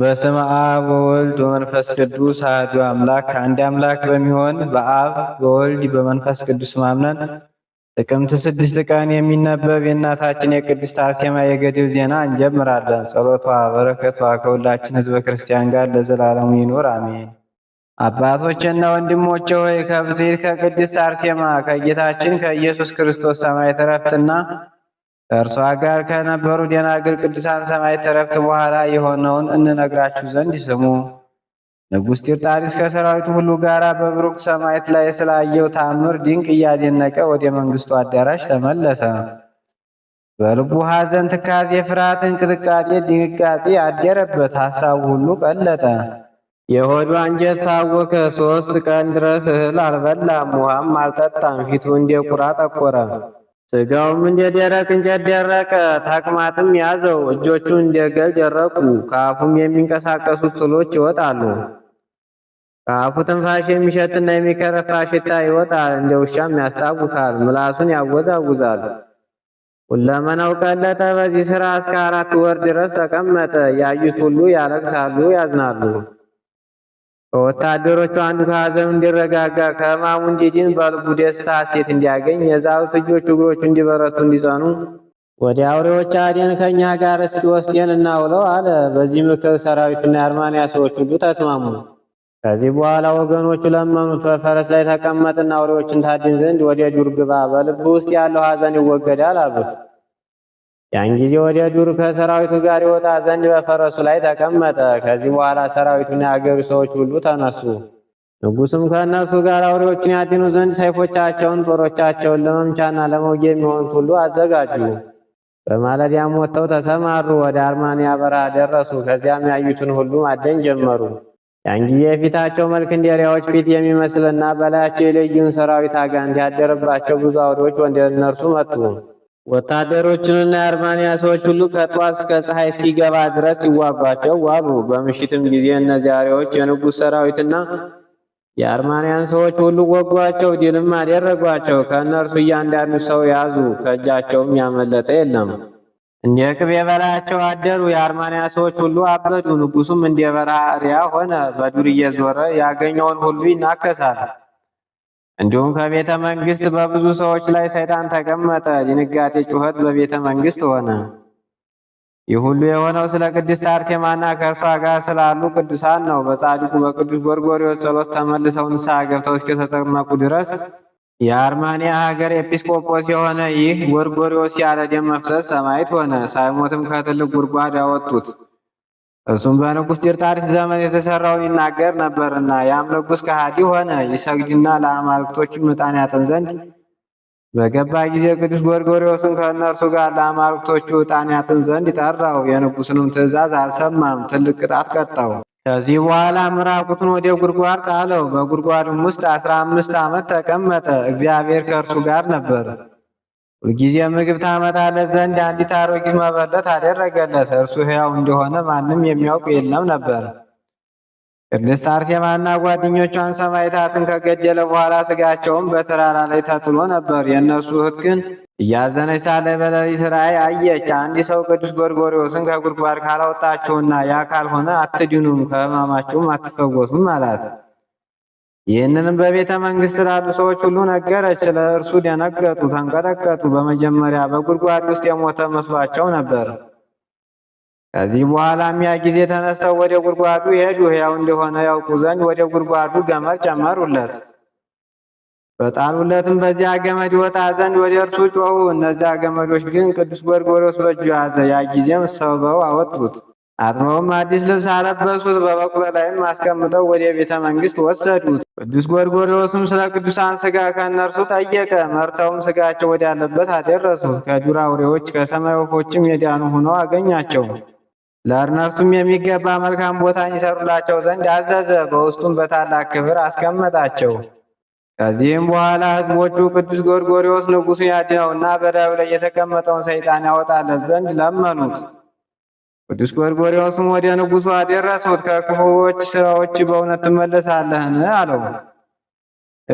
በስም አብ ወወልድ በመንፈስ ቅዱስ አሐዱ አምላክ አንድ አምላክ በሚሆን በአብ በወልድ በመንፈስ ቅዱስ ማምነን ጥቅምት ስድስት ቀን የሚነበብ የእናታችን የቅድስት አርሴማ የገድል ዜና እንጀምራለን። ጸሎቷ በረከቷ ከሁላችን ሕዝበ ክርስቲያን ጋር ለዘላለሙ ይኑር አሜን። አባቶችና ወንድሞቼ ሆይ ከብዜት ከቅድስት አርሴማ ከጌታችን ከኢየሱስ ክርስቶስ ሰማይ ተረፍትና ከእርሷ ጋር ከነበሩ ደናግል ቅዱሳን ሰማይ ተረፍት በኋላ የሆነውን እንነግራችሁ ዘንድ ስሙ። ንጉሥ ጢርጣሪስ ከሰራዊቱ ሁሉ ጋር በብሩክ ሰማይት ላይ ስላየው ታምር ድንቅ እያደነቀ ወደ መንግሥቱ አዳራሽ ተመለሰ። በልቡ ሐዘን፣ ትካዜ፣ ፍርሃት፣ እንቅጥቃጤ፣ ድንጋጤ አደረበት። ሐሳቡ ሁሉ ቀለጠ። የሆዱ አንጀት ታወከ። ሦስት ቀን ድረስ እህል አልበላም፣ ውሃም አልጠጣም። ፊቱ እንደ ቁራ ጠቆረ። ስጋውም እንደ ደረቅ እንጨት ደረቀ፣ ተቅማጥም ያዘው። እጆቹ እንደ ገል ደረቁ፣ ከአፉም የሚንቀሳቀሱ ጥሎች ይወጣሉ። ከአፉ ትንፋሽ የሚሸትና የሚከረፋ ሽታ ይወጣል፣ እንደ ውሻም ያስታውካል፣ ምላሱን ያወዛውዛል። ሁለመናው ቀለጠ። በዚህ ስራ እስከ አራት ወር ድረስ ተቀመጠ። ያዩት ሁሉ ያለቅሳሉ፣ ያዝናሉ። በወታደሮቹ አንዱ ከሐዘኑ እንዲረጋጋ ከሕማሙ እንዲድን በልቡ ደስታ ሐሴት እንዲያገኝ የዛሉት እጆቹ እግሮቹ እንዲበረቱ እንዲጸኑ ወደ አውሬዎች አዴን ከእኛ ጋር እስኪ ወስደን እናውለው አለ። በዚህ ምክር ሰራዊቱና የአርማንያ ሰዎች ሁሉ ተስማሙ። ከዚህ በኋላ ወገኖቹ ለመኑት፣ በፈረስ ላይ ተቀመጥና አውሬዎችን ታድን ዘንድ ወደ ዱር ግባ፣ በልብ ውስጥ ያለው ሐዘን ይወገዳል አሉት። ያን ጊዜ ወደ ዱር ከሰራዊቱ ጋር ይወጣ ዘንድ በፈረሱ ላይ ተቀመጠ። ከዚህ በኋላ ሰራዊቱና የአገሩ ሰዎች ሁሉ ተነሱ። ንጉሱም ከእነርሱ ጋር አውሬዎቹን ያድኑ ዘንድ ሰይፎቻቸውን፣ ጦሮቻቸውን ለመምቻና ለመውጊያ የሚሆኑት ሁሉ አዘጋጁ። በማለዳም ወጥተው ተሰማሩ። ወደ አርማንያ በረሃ ደረሱ። ከዚያም ያዩትን ሁሉ ማደን ጀመሩ። ያን ጊዜ የፊታቸው መልክ እንደ ፊት የሚመስልና በላያቸው የለየውን ሰራዊት አጋንንት ያደረባቸው ብዙ አውሬዎች ወደ እነርሱ መጡ። ወታደሮችንና የአርማንያ ሰዎች ሁሉ ከጧት እስከ ፀሐይ እስኪገባ ድረስ ሲዋጓቸው ዋሉ። በምሽትም ጊዜ እነዚህ አሬዎች የንጉሥ ሰራዊትና የአርማንያን ሰዎች ሁሉ ወጓቸው፣ ድልም አደረጓቸው። ከእነርሱ እያንዳንዱ ሰው ያዙ፣ ከእጃቸውም ያመለጠ የለም። እንደ ቅቤ በላያቸው አደሩ። የአርማንያ ሰዎች ሁሉ አበዱ። ንጉሱም እንደ በራሪያ ሆነ። በዱር እየዞረ ያገኘውን ሁሉ ይናከሳል። እንዲሁም ከቤተ መንግስት በብዙ ሰዎች ላይ ሰይጣን ተቀመጠ፣ ድንጋጤ፣ ጩኸት በቤተ መንግስት ሆነ። ይህ ሁሉ የሆነው ስለ ቅድስት አርሴማና ከእርሷ ጋር ስላሉ ቅዱሳን ነው። በጻድቁ በቅዱስ ጎርጎርዮስ ጸሎት ተመልሰው ንስሐ ገብተው እስከተጠመቁ ድረስ የአርማንያ ሀገር ኤጲስቆጶስ የሆነ ይህ ጎርጎሪዎስ ያለ ደም መፍሰስ ሰማዕት ሆነ። ሳይሞትም ከትልቅ ጉድጓድ አወጡት። እርሱም በንጉሥ ጤርጣሪስ ዘመን የተሰራውን ይናገር ነበርና ያም ንጉሥ ከሃዲ ሆነ። ይሰግድና ለአማልክቶቹም ምጣን ያጥን ዘንድ በገባ ጊዜ ቅዱስ ጎርጎሪዎስን ከእነርሱ ጋር ለአማልክቶቹ ዕጣን ያጥን ዘንድ ጠራው። የንጉሥንም ትእዛዝ አልሰማም፣ ትልቅ ቅጣት ቀጣው። ከዚህ በኋላ ምራቁቱን ወደ ጉድጓድ ጣለው። በጉድጓድም ውስጥ አስራ አምስት ዓመት ተቀመጠ። እግዚአብሔር ከእርሱ ጋር ነበር። ሁልጊዜ ምግብ ታመጣለት ዘንድ አንዲት አሮጊት መበለት አደረገለት። እርሱ ሕያው እንደሆነ ማንም የሚያውቅ የለም ነበር። ቅድስት አርሴማና ጓደኞቿን ሰማዕታትን ከገደለ በኋላ ስጋቸውን በተራራ ላይ ተጥሎ ነበር። የእነሱ እህት ግን እያዘነች ሳለ በሌሊት ራእይ አየች። አንድ ሰው ቅዱስ ጎርጎሪዎስን ከጉድጓድ ካላወጣችሁና ያ ካልሆነ አትድኑም፣ ከህማማቸውም አትፈወሱም አላት። ይህንንም በቤተ መንግስት ላሉ ሰዎች ሁሉ ነገረች። ስለ እርሱ ደነገጡ፣ ተንቀጠቀጡ። በመጀመሪያ በጉድጓድ ውስጥ የሞተ መስሏቸው ነበር። ከዚህ በኋላም ያ ጊዜ ተነስተው ወደ ጉድጓዱ ሄዱ። ሕያው እንደሆነ ያውቁ ዘንድ ወደ ጉድጓዱ ገመድ ጨመሩለት። በጣሉለትም በዚያ ገመድ ይወጣ ዘንድ ወደ እርሱ ጮኹ። እነዚያ ገመዶች ግን ቅዱስ ጎርጎሮስ በእጁ ያዘ። ያ ጊዜም ሰበው አወጡት። አጥበውም አዲስ ልብስ አለበሱት፣ በበቅሎ ላይም አስቀምጠው ወደ ቤተ መንግስት ወሰዱት። ቅዱስ ጎርጎርዮስም ስለ ቅዱሳን ስጋ ከእነርሱ ጠየቀ። መርተውም ስጋቸው ወዳለበት አደረሱት። ከዱር አውሬዎች ከሰማይ ወፎችም የዳኑ ሆነው አገኛቸው። ለእነርሱም የሚገባ መልካም ቦታን ይሰሩላቸው ዘንድ አዘዘ። በውስጡም በታላቅ ክብር አስቀመጣቸው። ከዚህም በኋላ ሕዝቦቹ ቅዱስ ጎርጎርዮስ ያድነው ያድነውና በዳዩ ላይ የተቀመጠውን ሰይጣን ያወጣለት ዘንድ ለመኑት። ቅዱስ ጎርጎሪዎስም ወደ ንጉሱ አደረሰውት። ከክፉዎች ስራዎች በእውነት ትመለሳለህን? አለው።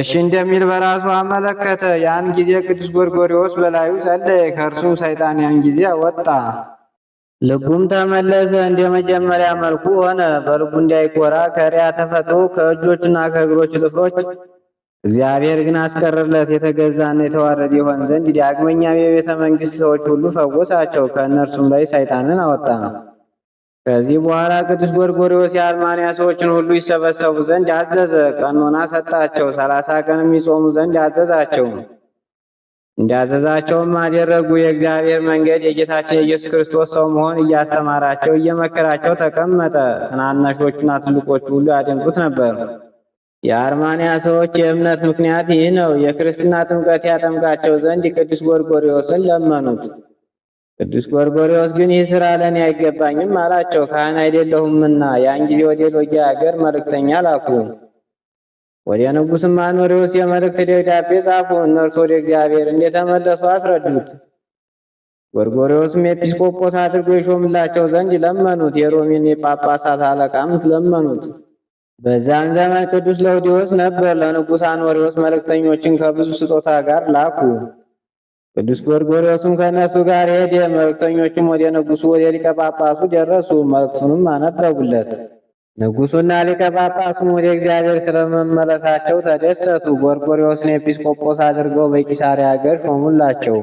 እሺ እንደሚል በራሱ አመለከተ። ያን ጊዜ ቅዱስ ጎርጎሪዎስ በላዩ ጸለየ። ከእርሱም ሰይጣን ያን ጊዜ ወጣ፣ ልቡም ተመለሰ፣ እንደ መጀመሪያ መልኩ ሆነ። በልቡ እንዳይኮራ ከሪያ ተፈጥሮ ከእጆችና ከእግሮች ጥፍሮች እግዚአብሔር ግን አስቀረለት፣ የተገዛና የተዋረደ ይሆን ዘንድ። ዳግመኛም የቤተ መንግሥት ሰዎች ሁሉ ፈወሳቸው፣ ከእነርሱም ላይ ሰይጣንን አወጣ። ከዚህ በኋላ ቅዱስ ጎርጎሪዎስ የአርማንያ ሰዎችን ሁሉ ይሰበሰቡ ዘንድ አዘዘ። ቀኖና ሰጣቸው። ሰላሳ ቀንም ይጾሙ ዘንድ አዘዛቸው። እንዳዘዛቸውም አደረጉ። የእግዚአብሔር መንገድ የጌታችን የኢየሱስ ክርስቶስ ሰው መሆን እያስተማራቸው እየመከራቸው ተቀመጠ። ትናናሾቹና ትልቆቹ ሁሉ ያደንቁት ነበር። የአርማንያ ሰዎች የእምነት ምክንያት ይህ ነው። የክርስትና ጥምቀት ያጠምቃቸው ዘንድ ቅዱስ ጎርጎሪዎስን ለመኑት። ቅዱስ ጎርጎሪዎስ ግን ይህ ስራ ለእኔ አይገባኝም አላቸው፣ ካህን አይደለሁምና። ያን ጊዜ ወደ ሎጊያ አገር መልእክተኛ ላኩ። ወደ ንጉስ አኖሬዎስ የመልእክት ደብዳቤ ጻፉ። እነርሱ ወደ እግዚአብሔር እንደተመለሱ አስረዱት። ጎርጎሪዎስም ኤጲስቆጶስ አድርጎ ይሾምላቸው ዘንድ ለመኑት። የሮሜን የጳጳሳት አለቃም ለመኑት። በዛን ዘመን ቅዱስ ለውዲዎስ ነበር። ለንጉሥ አኖሪዎስ መልእክተኞችን ከብዙ ስጦታ ጋር ላኩ። ቅዱስ ጎርጎሪዎስም ከእነሱ ጋር ሄደ። መልእክተኞችም ወደ ንጉሱ ወደ ሊቀ ጳጳሱ ደረሱ። መልእክቱንም አነበቡለት። ንጉሱና ሊቀ ጳጳሱም ወደ እግዚአብሔር ስለመመለሳቸው ተደሰቱ። ጎርጎሪዎስን ኤጲስቆጶስ አድርገው በቂሳሪያ አገር ሾሙላቸው።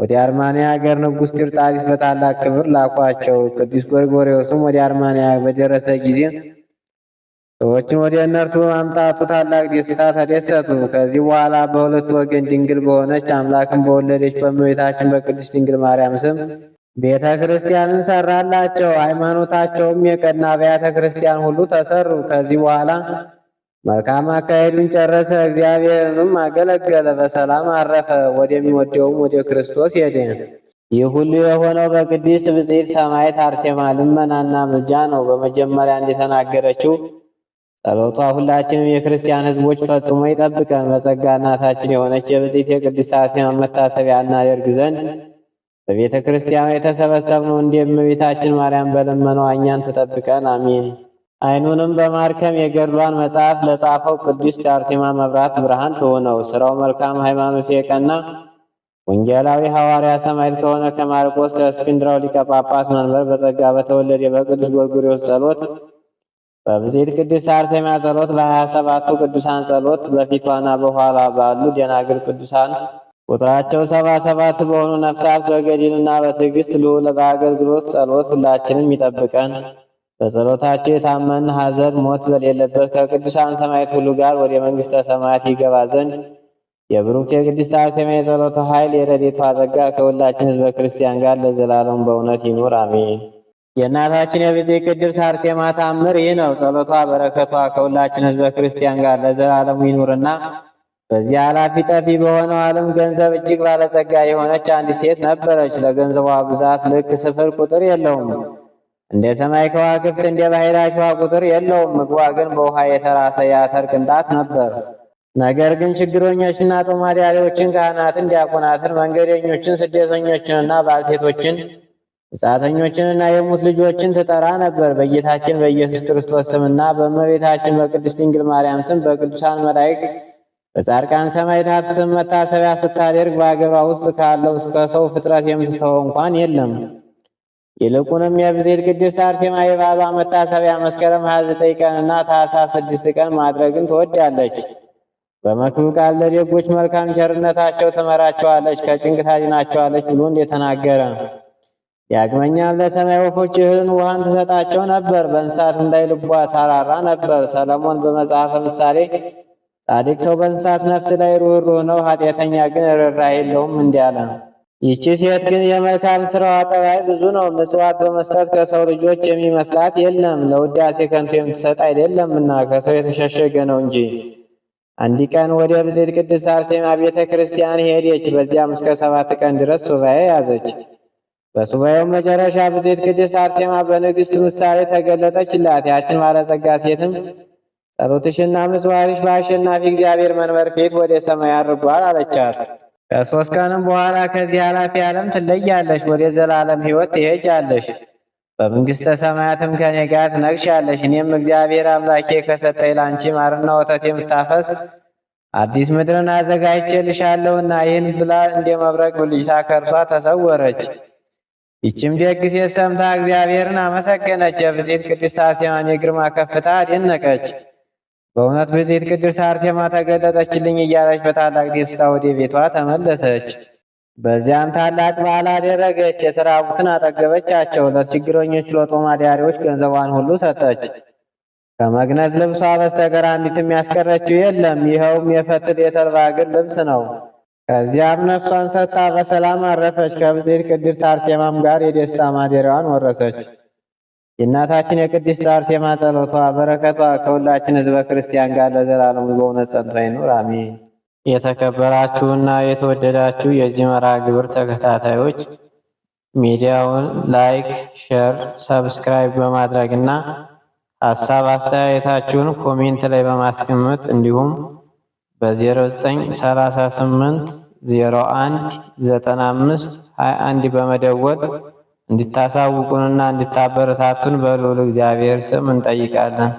ወደ አርማንያ ሀገር ንጉሥ ጢርጣሪስ በታላቅ ክብር ላኳቸው። ቅዱስ ጎርጎሪዎስም ወደ አርማንያ በደረሰ ጊዜ ሰዎችን ወደ እነርሱ በማምጣቱ ታላቅ ደስታ ተደሰቱ። ከዚህ በኋላ በሁለቱ ወገን ድንግል በሆነች አምላክን በወለደች በእመቤታችን በቅድስት ድንግል ማርያም ስም ቤተ ክርስቲያንን ሰራላቸው። ሃይማኖታቸውም የቀና አብያተ ክርስቲያን ሁሉ ተሰሩ። ከዚህ በኋላ መልካም አካሄዱን ጨረሰ። እግዚአብሔርንም አገለገለ፣ በሰላም አረፈ። ወደሚወደውም ወደ ክርስቶስ ሄደ። ይህ ሁሉ የሆነው በቅድስት ብጽዕት ሰማዕት አርሴማ ልመናና ምልጃ ነው። በመጀመሪያ እንደተናገረችው ጸሎቷ ሁላችንም የክርስቲያን ሕዝቦች ፈጽሞ ይጠብቀን። በጸጋ እናታችን የሆነች የብጽዕት የቅድስት አርሴማ መታሰቢያ እናደርግ ዘንድ በቤተ ክርስቲያኑ የተሰበሰብነው እንደ እመቤታችን ማርያም በለመኗ እኛን ትጠብቀን፣ አሜን። ዓይኑንም በማርከም የገድሏን መጽሐፍ ለጻፈው ቅድስት አርሴማ መብራት ብርሃን ትሆነው። ስራው መልካም፣ ሃይማኖት የቀና ወንጌላዊ ሐዋርያ ሰማዕት ከሆነ ከማርቆስ ከእስክንድራው ሊቀ ጳጳስ መንበር በጸጋ በተወለደ በቅዱስ ጎርጎርዮስ ጸሎት በብዜት ቅድስት አርሴማ ጸሎት በሀያ ሰባቱ ቅዱሳን ጸሎት በፊቷና በኋላ ባሉ ደናግል ቅዱሳን ቁጥራቸው ሰባ ሰባት በሆኑ ነፍሳት በገድልና በትዕግስት ልዑል በአገልግሎት ጸሎት ሁላችንም ይጠብቀን። በጸሎታቸው የታመን ሐዘን፣ ሞት በሌለበት ከቅዱሳን ሰማያት ሁሉ ጋር ወደ መንግሥተ ሰማያት ይገባ ዘንድ የብሩክት የቅድስት አርሴማ የጸሎቱ ኃይል የረድኤቷ ጸጋ ከሁላችን ሕዝበ ክርስቲያን ጋር ለዘላለም በእውነት ይኑር፣ አሜን። የእናታችን የብፅዕት ቅድስት አርሴማ ተአምር ይህ ነው። ጸሎቷ በረከቷ ከሁላችን ሕዝበ ክርስቲያን ጋር ለዘላለሙ ይኑርና በዚህ ኃላፊ ጠፊ በሆነው ዓለም ገንዘብ እጅግ ባለጸጋ የሆነች አንዲት ሴት ነበረች። ለገንዘቧ ብዛት ልክ ስፍር ቁጥር የለውም። እንደ ሰማይ ከዋክብት እንደ ባሕራቸዋ ቁጥር የለውም። ምግቧ ግን በውሃ የተራሰ የአተር ቅንጣት ነበር። ነገር ግን ችግረኞችና ጦማዳሪዎችን፣ ካህናትን፣ ዲያቆናትን፣ መንገደኞችን፣ ስደተኞችንና ባልቴቶችን ምጻተኞችንና የሙት ልጆችን ትጠራ ነበር። በጌታችን በኢየሱስ ክርስቶስ ስምና በእመቤታችን በቅድስት ድንግል ማርያም ስም በቅዱሳን መላእክት በጻድቃን ሰማዕታት ስም መታሰቢያ ስታደርግ በአገሯ ውስጥ ካለው እስከ ሰው ፍጥረት የምትተው እንኳን የለም። ይልቁንም የብዜት ቅድስት አርሴማ የባሏ መታሰቢያ መስከረም 29 ቀንና ታኅሳስ 6 ቀን ማድረግን ትወዳለች። በመክብብ ቃል ለደጎች መልካም ቸርነታቸው ትመራቸዋለች፣ ከጭንቅ ታድናቸዋለች ብሎ እንደተናገረ ዳግመኛም ለሰማይ ወፎች እህልን ውሃን ትሰጣቸው ነበር፣ በእንስሳትም ላይ ልቧ ታራራ ነበር። ሰለሞን በመጽሐፈ ምሳሌ ጻድቅ ሰው በእንስሳት ነፍስ ላይ ሩህሩ ነው፣ ኃጢአተኛ ግን ርኅራኄ የለውም እንዲያለ ነው። ይቺ ሴት ግን የመልካም ስራዋ ጠባይ ብዙ ነው፣ ምጽዋት በመስጠት ከሰው ልጆች የሚመስላት የለም። ለውዳሴ ከንቱ የምትሰጥ አይደለምና ከሰው የተሸሸገ ነው እንጂ። አንድ ቀን ወደ ብጽዕት ቅድስት አርሴማ ቤተ ክርስቲያን ሄደች። በዚያም እስከ ሰባት ቀን ድረስ ሱባኤ ያዘች። በሱባኤውም መጨረሻ ብዜት ቅድስት አርሴማ በንግሥት ምሳሌ ተገለጠችላት። ያችን ባለጸጋ ሴትም ጸሎትሽና ምስዋዕትሽ በአሸናፊ እግዚአብሔር መንበር ፊት ወደ ሰማይ አድርጓል አለቻት። ከሶስት ቀንም በኋላ ከዚህ ኃላፊ ዓለም ትለያለሽ፣ ወደ ዘላለም ሕይወት ትሄጃለሽ። በመንግሥተ ሰማያትም ከኔ ጋር ትነግሻለሽ። እኔም እግዚአብሔር አምላኬ ከሰጠኝ ላንቺ ማርና ወተት የምታፈስ አዲስ ምድርን አዘጋጅቼልሻለሁና ይህን ብላ እንደ መብረቅ ብልጭታ ከእርሷ ተሰወረች። ይችም ደግ ሴት ሰምታ እግዚአብሔርን አመሰገነች። የብጽዕት ቅድስት አርሴማን የግርማ ከፍታ አደነቀች። በእውነት ብጽዕት ቅድስት አርሴማ ተገለጠችልኝ እያለች በታላቅ ደስታ ወደ ቤቷ ተመለሰች። በዚያም ታላቅ በዓል አደረገች። የተራቡትን አጠገበቻቸው። ለችግረኞች፣ ለጦም አዳሪዎች ገንዘቧን ሁሉ ሰጠች። ከመግነዝ ልብሷ በስተቀር አንዲትም ያስቀረችው የለም። ይኸውም የፈትል የተልባ እግር ልብስ ነው። ከዚያም ነፍሷን ሰጥታ በሰላም አረፈች። ከብጽዕት ቅድስት አርሴማም ጋር የደስታ ማደሪያዋን ወረሰች። የእናታችን የቅድስት አርሴማ ጸሎቷ፣ በረከቷ ከሁላችን ሕዝበ ክርስቲያን ጋር ለዘላለሙ በእውነት ጸንቶ ይኑር አሜን። የተከበራችሁና የተወደዳችሁ የዚህ መርሃ ግብር ተከታታዮች ሚዲያውን ላይክ፣ ሼር፣ ሰብስክራይብ በማድረግ እና ሀሳብ አስተያየታችሁን ኮሜንት ላይ በማስቀመጥ እንዲሁም በ0938 01 95 21 በመደወል እንድታሳውቁንና እንድታበረታቱን በልዑል እግዚአብሔር ስም እንጠይቃለን።